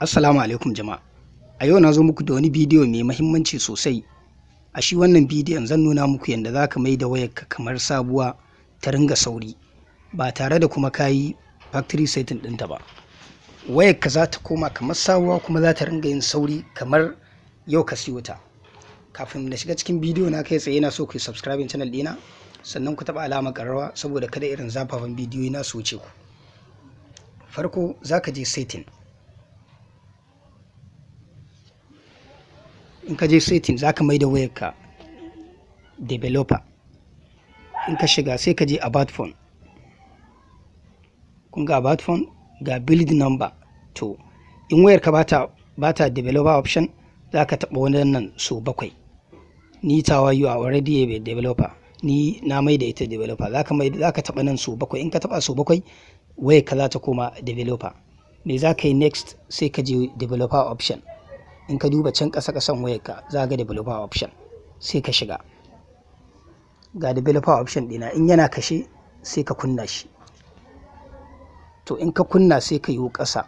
Assalamu alaikum jama'a. A yau na zo muku da wani bidiyo mai mahimmanci sosai. A shi wannan bidiyon zan nuna muku yadda za ka mai da wayarka kamar sabuwa ta ringa sauri ba tare da kuma kayi yi factory setting ɗinta ba. Wayarka za ta koma kamar sabuwa kuma za ta ringa yin sauri kamar yau ka siyo ta. Kafin na shiga cikin bidiyo na kai tsaye na so ku yi channel ɗina sannan ku taɓa alamar ƙararrawa saboda kada irin zafafan bidiyoyi na su wuce ku. Farko za ka je setting. in ka je setting za ka maida wayarka developer in ka shiga sai ka je about phone kun ga about phone ga build number to in wayar ka bata ta developer option za ka taɓa nan so bakwai ni tawa you are already a developer ni na mai da ita developer za ka za ka taɓa nan so bakwai in ka taɓa so bakwai wayar ka za ta koma developer me za ka yi next sai ka je developer option in ka duba can ƙasa ƙasan wayarka za ga developer option sai ka shiga ga developer option ɗina in yana kashe sai ka kunna shi to in ka kunna sai ka yi ƙasa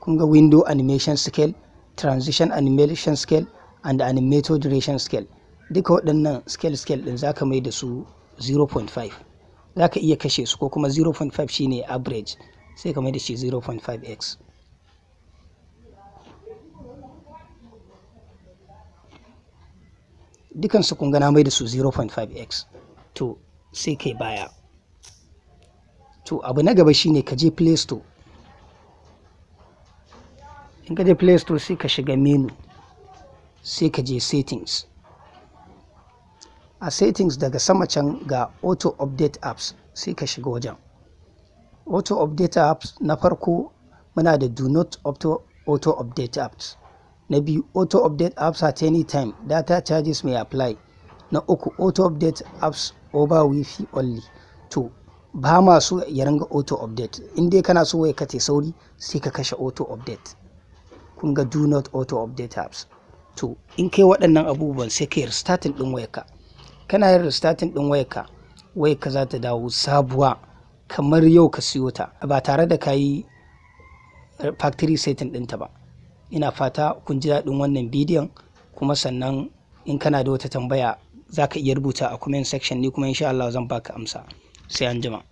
kun ga window animation scale transition animation scale and animator duration scale duka waɗannan scale scale ɗin za ka mai da su 0.5 za ka iya kashe su ko kuma 0.5 shine average sai ka mai da shi 0.5x dukansu kun gana mai da su 0.5x to sai kai baya to abu na gaba shine ka je play store in ka je play store sai ka shiga menu sai ka je settings a settings daga sama can ga auto update apps sai ka shiga wajen auto update apps na farko muna da do not auto, auto update apps na biyu auto update apps at any time data charges may apply na uku auto update apps over wifi only to ba ma so ya ringa auto update in dai kana so wai kace sauri sai ka kashe auto update kun ga do not auto update apps to in kai waɗannan abubuwan sai kai restarting din wayarka kana yin restarting din wayarka wayarka za ta dawo sabuwa kamar yau ka siyo ta ba tare da ka yi factory setting ɗinta ba ina fata kun ji daɗin wannan bidiyon kuma sannan in kana da wata tambaya za ka iya rubuta a comment section ni kuma insha Allah zan baka amsa sai an jima